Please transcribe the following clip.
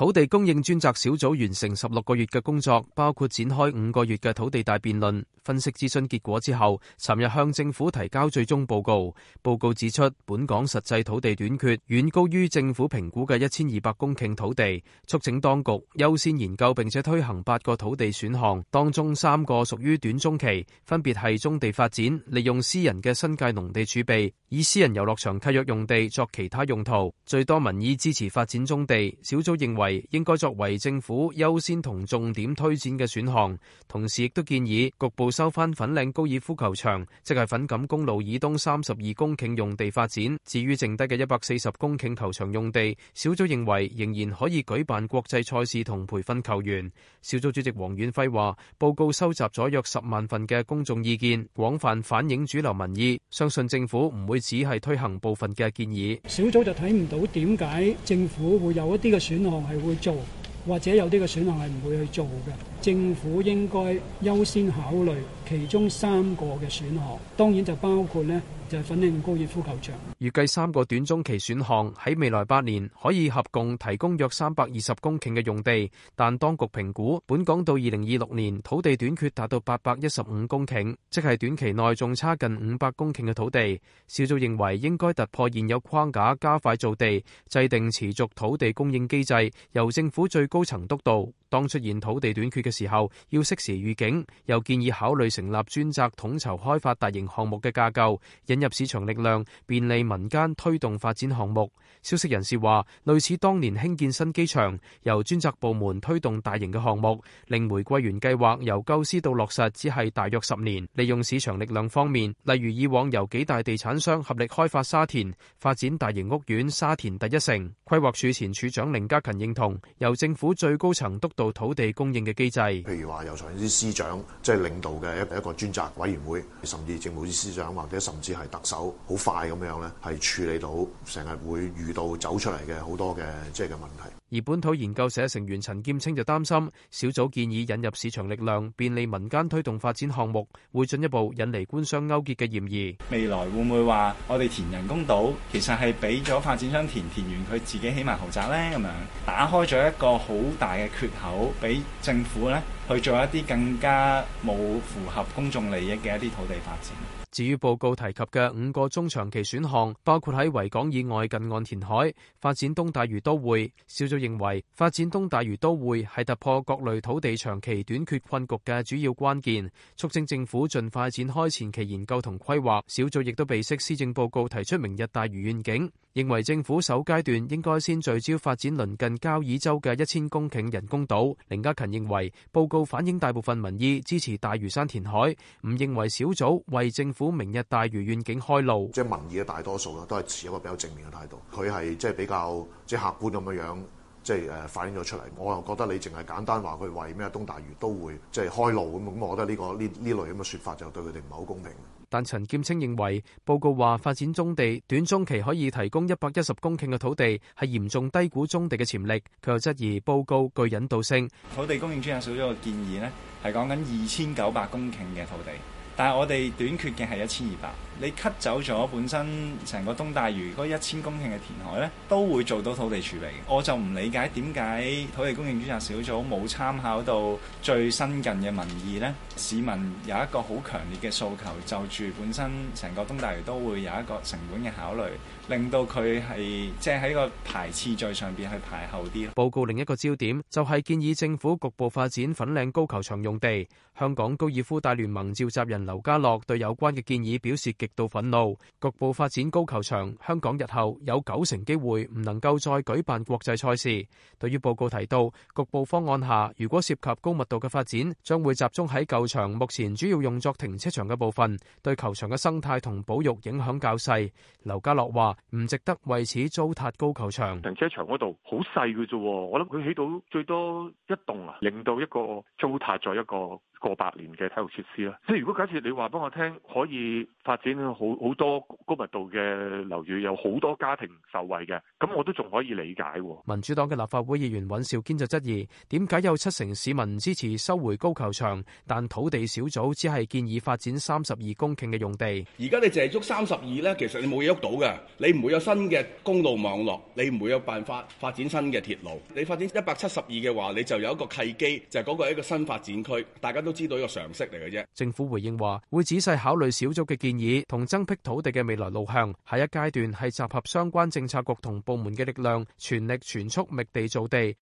土地供應專責小組完成十六個月嘅工作，包括展開五個月嘅土地大辯論，分析諮詢結果之後，尋日向政府提交最終報告。報告指出，本港實際土地短缺遠高於政府評估嘅一千二百公頃土地，促請當局優先研究並且推行八個土地選項，當中三個屬於短中期，分別係棕地發展、利用私人嘅新界農地儲備、以私人遊樂場契約用地作其他用途。最多民意支持發展棕地。小組認為，應該作為政府優先同重點推薦嘅選項，同時亦都建議局部收翻粉嶺高爾夫球場，即係粉錦公路以東三十二公頃用地發展。至於剩低嘅一百四十公頃球場用地，小組認為仍然可以舉辦國際賽事同培訓球員。小組主席黃遠輝話，報告收集咗約十萬份嘅公眾意見，廣泛反映主流民意，相信政府唔會只係推行部分嘅建議。小組就睇唔到點解政府會有一啲嘅選項係。會做，或者有啲嘅選項係唔會去做嘅。政府應該優先考慮其中三個嘅選項，當然就包括咧。就係粉嶺高爾夫球場。預計三個短中期選項喺未來八年可以合共提供約三百二十公頃嘅用地，但當局評估本港到二零二六年土地短缺達到八百一十五公頃，即係短期內仲差近五百公頃嘅土地。小組認為應該突破現有框架，加快造地，制定持續土地供應機制，由政府最高層督導。當出現土地短缺嘅時候，要適時預警。又建議考慮成立專責統籌開發大型項目嘅架構。入市場力量，便利民間推動發展項目。消息人士話，類似當年興建新機場，由專責部門推動大型嘅項目，令玫瑰園計劃由構思到落實只係大約十年。利用市場力量方面，例如以往由幾大地產商合力開發沙田，發展大型屋苑沙田第一城。規劃署前署長凌嘉勤認同，由政府最高層督導土地供應嘅機制。譬如話由財政司司長即係、就是、領導嘅一一個專責委員會，甚至政務司司長或者甚至係。特首好快咁樣咧，係處理到成日會遇到走出嚟嘅好多嘅即係嘅問題。而本土研究社成員陳劍青就擔心，小組建議引入市場力量，便利民間推動發展項目，會進一步引嚟官商勾結嘅嫌疑。未來會唔會話我哋填人工島其實，係俾咗發展商填，填完，佢自己起埋豪宅咧？咁樣打開咗一個好大嘅缺口，俾政府咧去做一啲更加冇符合公眾利益嘅一啲土地發展。至於報告提及嘅五個中長期選項，包括喺維港以外近岸填海、發展東大嶼都會，小組認為發展東大嶼都會係突破各類土地長期短缺困局嘅主要關鍵，促請政府盡快展開前期研究同規劃。小組亦都備悉施政報告提出明日大嶼願景。認為政府首階段應該先聚焦發展鄰近交椅洲嘅一千公頃人工島。凌嘉勤認為報告反映大部分民意支持大嶼山填海，唔認為小組為政府明日大嶼願景開路。即係民意嘅大多數都係持一個比較正面嘅態度。佢係即係比較即係客觀咁嘅樣，即係誒反映咗出嚟。我又覺得你淨係簡單話佢為咩東大嶼都會即係開路咁，咁我覺得呢個呢呢類咁嘅說法就對佢哋唔係好公平。但陳劍青認為報告話發展棕地短中期可以提供一百一十公頃嘅土地係嚴重低估棕地嘅潛力，佢又質疑報告具引導性。土地供應專責小組嘅建議呢係講緊二千九百公頃嘅土地。但係我哋短缺嘅係一千二百，你吸走咗本身成個東大嶼嗰一千公頃嘅填海咧，都會做到土地儲備，我就唔理解點解土地供應專責小組冇參考到最新近嘅民意咧？市民有一個好強烈嘅訴求，就住本身成個東大嶼都會有一個成本嘅考慮，令到佢係即係喺個排次序上邊係排後啲咯，報告另一個焦點就係、是、建議政府局部發展粉嶺高球場用地。香港高爾夫大聯盟召集人。劉家樂對有關嘅建議表示極度憤怒。局部發展高球場，香港日後有九成機會唔能夠再舉辦國際賽事。對於報告提到局部方案下，如果涉及高密度嘅發展，將會集中喺球場目前主要用作停車場嘅部分，對球場嘅生態同保育影響較細。劉家樂話：唔值得為此糟蹋高球場。停車場嗰度好細㗎啫，我諗佢起到最多一棟啊，令到一個糟蹋咗一個過百年嘅體育設施啦。即係如果假設。你話幫我聽，可以發展好好多高密度嘅樓宇，有好多家庭受惠嘅，咁我都仲可以理解。民主黨嘅立法會議員尹兆堅就質疑：點解有七成市民支持收回高球場，但土地小組只係建議發展三十二公頃嘅用地？而家你淨係喐三十二呢，其實你冇嘢喐到嘅，你唔會有新嘅公路網絡，你唔會有辦法發展新嘅鐵路。你發展一百七十二嘅話，你就有一個契機，就係嗰個係一個新發展區，大家都知道一個常識嚟嘅啫。政府回應，話會仔細考慮小組嘅建議同增闢土地嘅未來路向，下一階段係集合相關政策局同部門嘅力量，全力全速覓地造地。